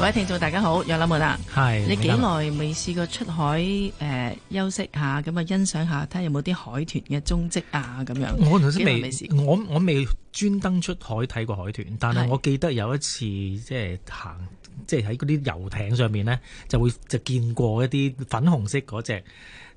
各位聽眾大家好，有冇得？係 Hi，你幾耐未試過出海？誒、呃，休息下咁啊，欣賞下睇下有冇啲海豚嘅蹤跡啊？咁樣我頭先未，我我未專登出海睇過海豚，但係我記得有一次即係行，即係喺嗰啲遊艇上面咧，就會就見過一啲粉紅色嗰隻。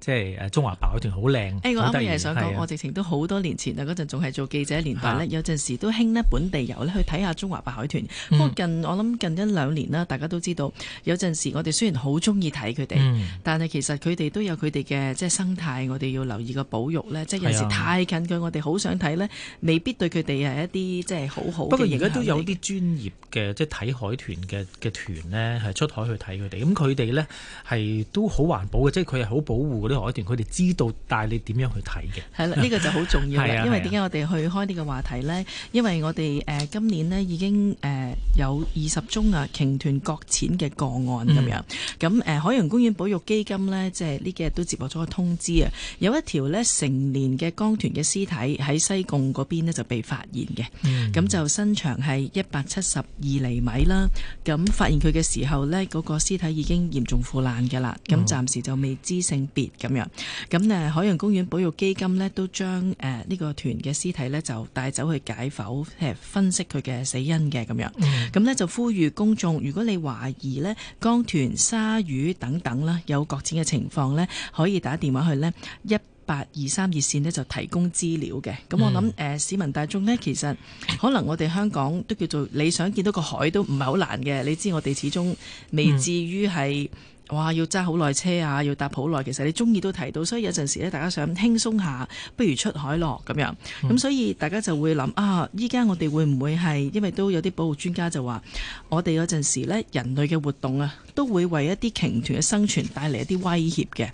即係誒中華白海豚好靚。誒、欸，說是啊、我啱啱又係想講，我直情都好多年前啊，嗰陣仲係做記者年代咧，是啊、有陣時都興咧本地遊咧，去睇下中華白海豚。嗯、不過近我諗近一兩年啦，大家都知道有陣時我哋雖然好中意睇佢哋，嗯、但係其實佢哋都有佢哋嘅即係生態，我哋要留意個保育咧。即係有時太近佢，我哋好想睇咧，未必對佢哋係一啲即係好好。是啊、不過而家都有啲專業嘅即係睇海豚嘅嘅團咧，係出海去睇佢哋。咁佢哋咧係都好環保嘅，即係佢係好保護海豚，佢哋知道，但你點樣去睇嘅？係啦，呢個就好重要啦。因為點解我哋去開呢個話題呢？因為我哋誒、呃、今年咧已經誒、呃、有二十宗啊鯨豚擱淺嘅個案，咁、嗯、樣。咁誒、呃、海洋公園保育基金呢，即係呢幾日都接獲咗個通知啊！有一條咧成年嘅江豚嘅屍體喺西貢嗰邊就被發現嘅。咁、嗯、就身長係一百七十二厘米啦。咁發現佢嘅時候呢，嗰、那個屍體已經嚴重腐爛㗎喇。咁暫時就未知性別。嗯咁樣，咁、啊、咧海洋公園保育基金咧，都將誒呢個團嘅屍體咧就帶走去解剖，呃、分析佢嘅死因嘅咁樣。咁咧、嗯、就呼籲公眾，如果你懷疑咧江豚、鯊魚等等啦有擱淺嘅情況咧，可以打電話去呢一八二三熱線咧就提供資料嘅。咁我諗誒、嗯呃、市民大眾呢，其實可能我哋香港都叫做你想見到個海都唔係好難嘅。你知我哋始終未至於係、嗯。哇！要揸好耐車啊，要搭好耐。其實你中意都提到，所以有陣時咧，大家想輕鬆下，不如出海落咁樣。咁、嗯、所以大家就會諗啊，依家我哋會唔會係因為都有啲保護專家就話，我哋有陣時咧人類嘅活動啊，都會為一啲鯨豚嘅生存帶嚟一啲威脅嘅。咁、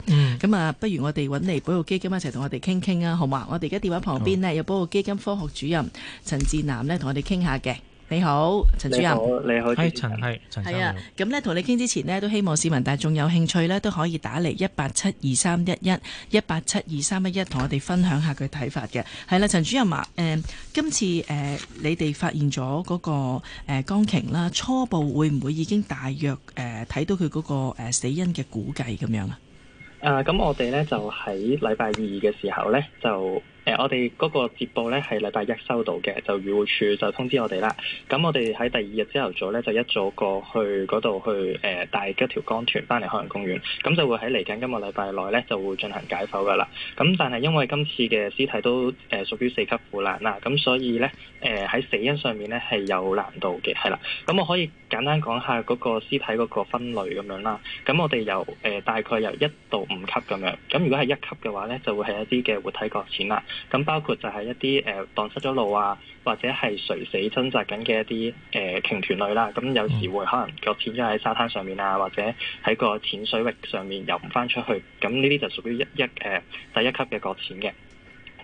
嗯、啊，不如我哋揾嚟保育基金一齊同我哋傾傾啊，好嘛？我哋而家電話旁邊呢，有保育基金科學主任陳梓南呢，同我哋傾下嘅。你好，陳主任。你好，你好。係陳，係陳生。係啊，咁呢，同你傾之前呢，都希望市民大眾有興趣呢，都可以打嚟一八七二三一一一八七二三一一，同我哋分享下佢睇法嘅。係啦，陳主任啊，誒，今次誒，你哋發現咗嗰個誒江豚啦，初步會唔會已經大約誒睇到佢嗰個誒死因嘅估計咁樣啊？誒，咁我哋呢，就喺禮拜二嘅時候呢，就。誒、呃，我哋嗰個接報咧係禮拜一收到嘅，就漁護署就通知我哋啦。咁我哋喺第二日朝頭早咧就一早過去嗰度去誒帶咗條江豚翻嚟海洋公園，咁就會喺嚟緊今個禮拜內咧就會進行解剖噶啦。咁但係因為今次嘅屍體都誒、呃、屬於四級腐爛啦，咁所以咧誒喺死因上面咧係有難度嘅，係啦。咁我可以簡單講下嗰個屍體嗰個分類咁樣啦。咁我哋由誒、呃、大概由一到五級咁樣。咁如果係一級嘅話咧，就會係一啲嘅活體擱淺啦。咁包括就係一啲誒蕩失咗路啊，或者係垂死掙扎緊嘅一啲誒鯨豚類啦、啊，咁有時會可能擱淺咗喺沙灘上面啊，或者喺個淺水域上面游唔翻出去，咁呢啲就屬於一一誒、呃、第一級嘅擱淺嘅。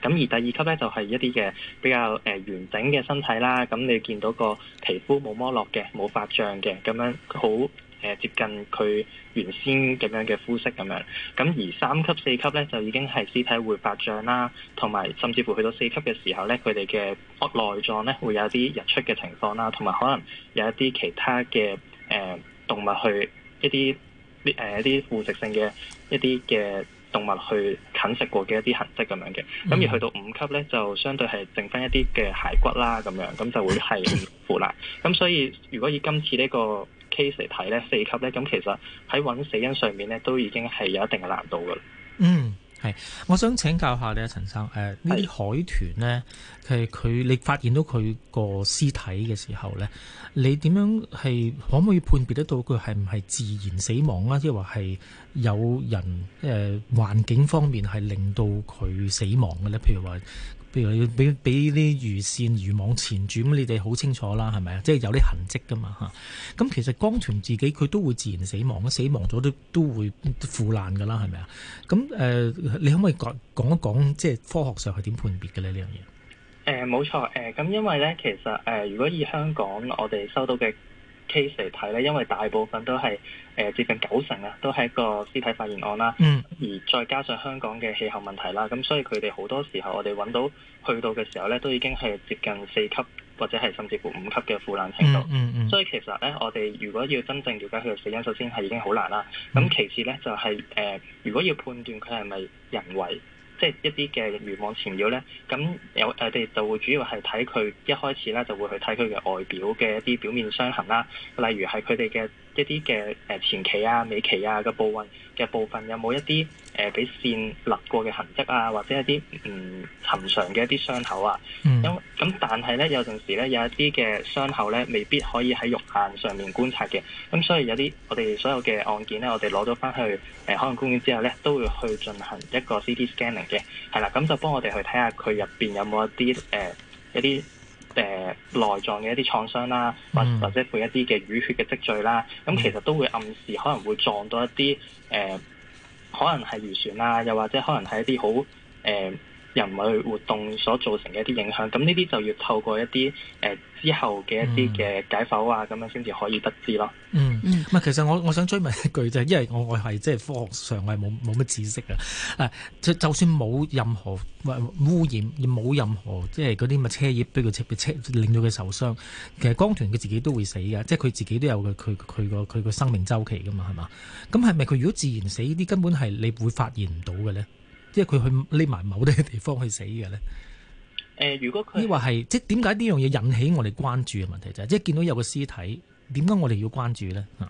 咁而第二級咧就係、是、一啲嘅比較誒、呃、完整嘅身體啦，咁你見到個皮膚冇剝落嘅，冇發脹嘅，咁樣好。誒接近佢原先咁樣嘅膚色咁樣，咁而三級四級咧就已經係屍體會發脹啦，同埋甚至乎去到四級嘅時候咧，佢哋嘅內臟咧會有一啲日出嘅情況啦，同埋可能有一啲其他嘅誒、呃、動物去一啲啲誒一啲腐食性嘅一啲嘅動物去啃食過嘅一啲痕跡咁樣嘅，咁而去到五級咧就相對係剩返一啲嘅骸骨啦咁樣，咁就會係腐爛。咁所以如果以今次呢、這個 case 嚟睇咧，四級咧，咁其實喺揾死因上面咧，都已經係有一定嘅難度噶啦。嗯，係，我想請教下你咧，陳生，誒、呃、呢是啲海豚咧，係佢你發現到佢個屍體嘅時候咧，你點樣係可唔可以判別得到佢係唔係自然死亡啊？即係話係？有人誒、呃、環境方面係令到佢死亡嘅咧，譬如話，譬如俾俾啲魚線魚網纏住，咁你哋好清楚啦，係咪啊？即係有啲痕跡噶嘛嚇。咁其實江豚自己佢都會自然死亡，咁死亡咗都都會腐爛噶啦，係咪啊？咁誒、呃，你可唔可以講講一講即係科學上係點判別嘅呢？呢樣嘢？誒冇錯，誒、呃、咁因為咧，其實誒、呃、如果以香港我哋收到嘅。case 嚟睇咧，因為大部分都係誒接近九成啊，都係一個屍體發現案啦。嗯、mm。Hmm. 而再加上香港嘅氣候問題啦，咁所以佢哋好多時候我，我哋揾到去到嘅時候咧，都已經係接近四級或者係甚至乎五級嘅腐爛程度。嗯嗯、mm。Hmm. 所以其實咧，我哋如果要真正了解佢嘅死因，首先係已經好難啦。咁其次咧、就係，就係誒，如果要判斷佢係咪人為。即係一啲嘅漁網纏繞咧，咁有我哋就會主要係睇佢一開始咧，就會去睇佢嘅外表嘅一啲表面傷痕啦。例如係佢哋嘅一啲嘅誒前期啊、尾期啊嘅部分嘅部分，有冇一啲誒俾線勒過嘅痕跡啊，或者一啲唔、嗯、尋常嘅一啲傷口啊。嗯。因咁但係咧，有陣時咧，有一啲嘅傷口咧，未必可以喺肉眼上面觀察嘅。咁、嗯、所以有啲我哋所有嘅案件咧，我哋攞咗翻去誒海洋公園之後咧，都會去進行一個 CT scanning 嘅，係、嗯、啦。咁就幫我哋去睇下佢入邊有冇一啲誒一啲誒內臟嘅一啲創傷啦，或或者會一啲嘅淤血嘅積聚啦。咁其實都會暗示可能會撞到一啲誒、呃，可能係漁船啦，又或者可能係一啲好誒。呃人類活動所造成嘅一啲影響，咁呢啲就要透過一啲誒、呃、之後嘅一啲嘅解剖啊，咁樣先至可以得知咯。嗯嗯，唔、嗯、係，其實我我想追問一句就啫，因為我我係即係科學上我係冇冇乜知識啊。誒，就就算冇任何、呃、污染，亦冇任何即係嗰啲乜車葉俾佢車，車，車令到佢受傷，其實江豚佢自己都會死嘅，即係佢自己都有個佢佢個佢個生命周期噶嘛，係嘛？咁係咪佢如果自然死啲根本係你，你會發現唔到嘅咧？即係佢去匿埋某啲地方去死嘅咧。誒、呃，如果佢呢話係，即係點解呢樣嘢引起我哋關注嘅問題就係，即係見到有個屍體，點解我哋要關注咧？啊！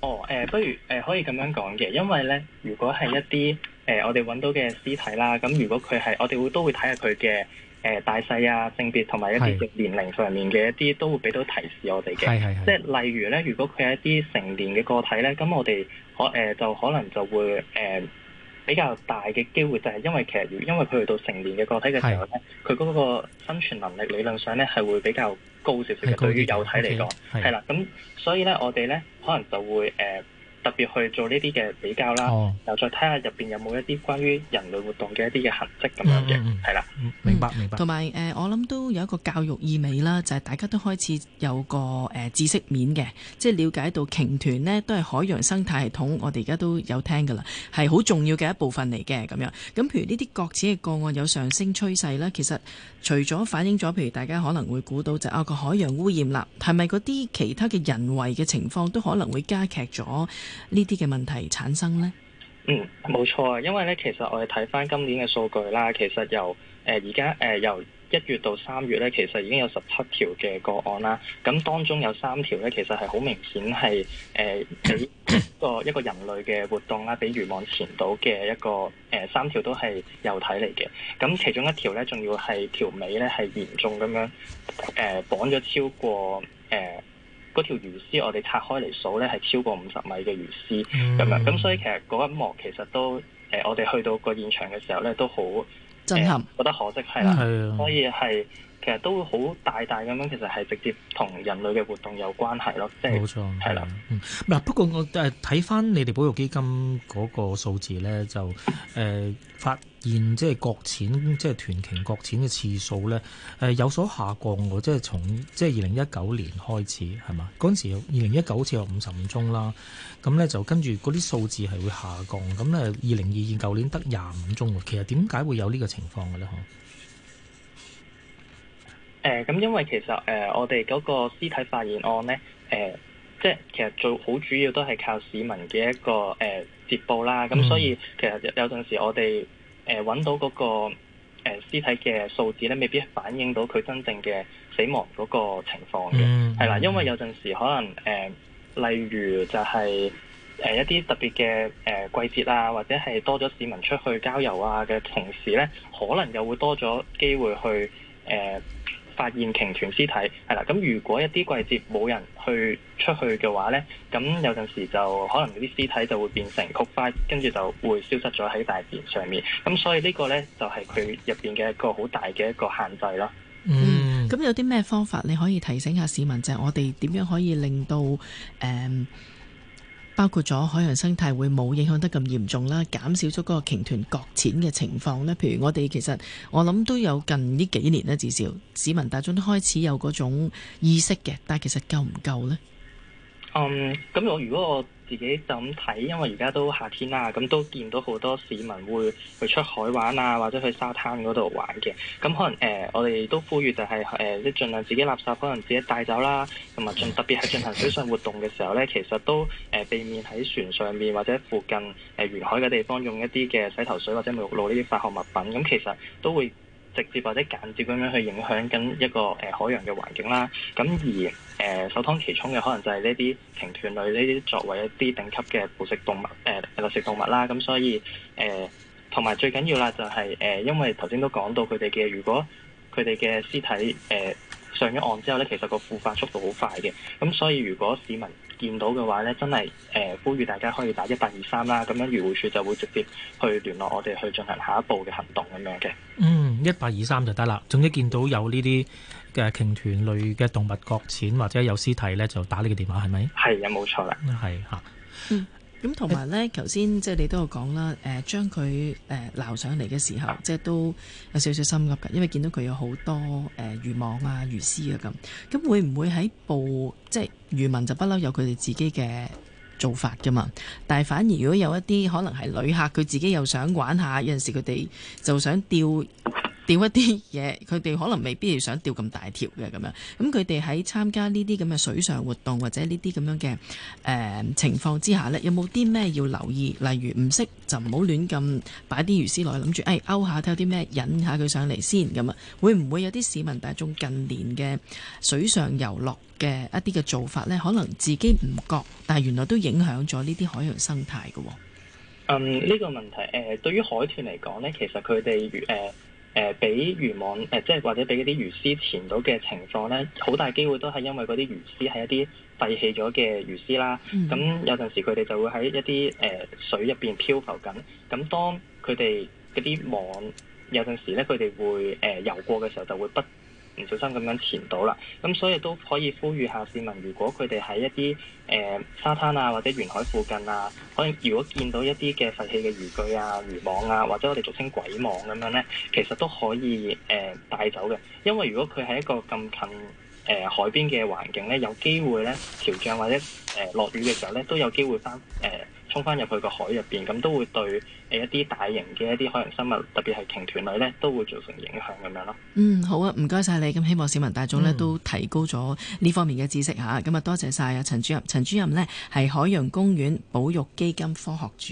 哦，誒、呃，不如誒、呃、可以咁樣講嘅，因為咧，如果係一啲誒、呃、我哋揾到嘅屍體啦，咁如果佢係、嗯、我哋會都會睇下佢嘅誒大細啊、性別同埋一啲嘅年齡上面嘅一啲都會俾到提示我哋嘅。係係係。即係例如咧，如果佢係一啲成年嘅個體咧，咁我哋可誒就可能就會誒。比較大嘅機會就係因為其實，因為佢去到成年嘅個體嘅時候咧，佢嗰、啊、個生存能力理論上咧係會比較高少少嘅。對於幼體嚟講，係啦，咁所以咧，我哋咧可能就會誒。呃特別去做呢啲嘅比較啦，又、哦、再睇下入邊有冇一啲關於人類活動嘅一啲嘅痕跡咁、嗯、樣嘅，係啦，明白明白。同埋誒，我諗都有一個教育意味啦，就係、是、大家都開始有個誒、呃、知識面嘅，即係了解到鯨豚呢都係海洋生態系統。我哋而家都有聽噶啦，係好重要嘅一部分嚟嘅咁樣。咁譬如呢啲擱淺嘅個案有上升趨勢啦。其實除咗反映咗，譬如大家可能會估到就係、啊個海洋污染啦，係咪嗰啲其他嘅人為嘅情況都可能會加劇咗？呢啲嘅問題產生呢？嗯，冇錯啊，因為咧，其實我哋睇翻今年嘅數據啦，其實由誒而家誒由一月到三月咧，其實已經有十七條嘅個案啦。咁當中有三條咧，其實係好明顯係誒俾個一個人類嘅活動啦，俾漁網纏到嘅一個誒、呃、三條都係幼體嚟嘅。咁其中一條咧，仲要係條尾咧係嚴重咁樣誒、呃、綁咗超過誒。呃嗰條魚絲，我哋拆開嚟數咧，係超過五十米嘅魚絲咁樣，咁、嗯、所以其實嗰一幕其實都誒、呃，我哋去到個現場嘅時候咧，都、呃、好震撼，覺得可惜係啦，可、嗯、以係。其實都好大大咁樣，其實係直接同人類嘅活動有關係咯，即係冇錯，係啦。嗱，不過我誒睇翻你哋保育基金嗰個數字咧，就誒、呃、發現即係擱淺即係團期擱淺嘅次數咧，誒、呃、有所下降嘅，即係從即係二零一九年開始係嘛？嗰陣時二零一九好似有五十五宗啦，咁咧就跟住嗰啲數字係會下降，咁咧二零二二舊年得廿五宗嘅，其實點解會有呢個情況嘅咧？嗬？誒，咁、呃、因為其實誒、呃，我哋嗰個屍體發現案咧，誒、呃，即係其實最好主要都係靠市民嘅一個誒、呃、接報啦。咁、嗯、所以其實有陣時我哋誒揾到嗰、那個誒屍、呃、體嘅數字咧，未必反映到佢真正嘅死亡嗰個情況嘅。係、嗯、啦，因為有陣時可能誒、呃，例如就係、是、誒、呃、一啲特別嘅誒季節啊，或者係多咗市民出去郊遊啊嘅同時咧，可能又會多咗機會去誒。呃呃呃發現鯨豚屍體係啦，咁如果一啲季節冇人去出去嘅話呢，咁有陣時就可能啲屍體就會變成腐化，跟住就會消失咗喺大自然上面。咁所以呢個呢，就係佢入邊嘅一個好大嘅一個限制咯。嗯，咁有啲咩方法你可以提醒下市民，就係、我哋點樣可以令到誒？嗯包括咗海洋生態會冇影響得咁嚴重啦，減少咗嗰個鯨豚擱淺嘅情況呢。譬如我哋其實我諗都有近呢幾年呢，至少市民大眾都開始有嗰種意識嘅，但係其實夠唔夠呢？嗯，咁我如果我自己就咁睇，因為而家都夏天啦，啊，咁都見到好多市民會去出海玩啊，或者去沙灘嗰度玩嘅。咁可能誒、呃、我哋都呼籲就係誒，即係儘量自己垃圾可能自己帶走啦，同埋盡特別係進行水上活動嘅時候咧，其實都誒、呃、避免喺船上面或者附近誒、呃、沿海嘅地方用一啲嘅洗頭水或者沐浴露呢啲化學物品，咁其實都會直接或者間接咁樣去影響緊一個誒、呃、海洋嘅環境啦。咁而誒、呃、首當其衝嘅可能就係呢啲鯨豚類，呢啲作為一啲頂級嘅捕食動物，誒掠食動物啦，咁、嗯、所以誒同埋最緊要啦就係、是、誒、呃、因為頭先都講到佢哋嘅，如果佢哋嘅屍體誒、呃、上咗岸之後咧，其實個腐化速度好快嘅，咁、嗯、所以如果市民見到嘅話咧，真係誒、呃、呼籲大家可以打一八二三啦，咁樣漁護署就會直接去聯絡我哋去進行下一步嘅行動咁樣嘅。嗯。一八二三就得啦。總之見到有呢啲嘅鯨豚類嘅動物擱淺或者有屍體呢，就打呢個電話係咪？係啊，冇錯啦。係嚇的。咁同埋呢，頭先即係你都有講啦。誒，將佢誒撈上嚟嘅時候，啊、即係都有少少心急㗎，因為見到佢有好多誒漁網啊、漁絲啊咁。咁會唔會喺部即係漁民就不嬲有佢哋自己嘅做法㗎嘛？但係反而如果有一啲可能係旅客，佢自己又想玩下，有陣時佢哋就想釣。釣一啲嘢，佢哋可能未必要想釣咁大條嘅咁樣。咁佢哋喺參加呢啲咁嘅水上活動或者呢啲咁樣嘅誒、呃、情況之下呢，有冇啲咩要留意？例如唔識就唔好亂咁擺啲魚絲落去，諗住誒勾下睇有啲咩引下佢上嚟先咁啊？會唔會有啲市民大眾近年嘅水上遊樂嘅一啲嘅做法呢？可能自己唔覺，但係原來都影響咗呢啲海洋生態嘅、哦。嗯、呢、這個問題誒、呃，對於海豚嚟講呢，其實佢哋誒。呃誒俾漁網誒、呃，即係或者俾啲魚絲纏到嘅情況咧，好大機會都係因為嗰啲魚絲係一啲廢棄咗嘅魚絲啦。咁有陣時佢哋就會喺一啲誒、呃、水入邊漂浮緊。咁當佢哋嗰啲網有陣時咧，佢哋會誒游過嘅時候就會不。唔小心咁樣潛到啦，咁所以都可以呼籲下市民，如果佢哋喺一啲誒、呃、沙灘啊或者沿海附近啊，可能如果見到一啲嘅廢棄嘅漁具啊、漁網啊或者我哋俗稱鬼網咁樣呢，其實都可以誒帶、呃、走嘅，因為如果佢喺一個咁近誒、呃、海邊嘅環境呢，有機會呢，潮漲或者誒落、呃、雨嘅時候呢，都有機會翻誒。呃衝翻入去個海入邊，咁都會對誒一啲大型嘅一啲海洋生物，特別係鯨豚類呢，都會造成影響咁樣咯。嗯，好啊，唔該晒你，咁希望市民大眾呢都提高咗呢方面嘅知識嚇，咁啊、嗯、多謝晒啊，陳主任，陳主任呢係海洋公園保育基金科學主。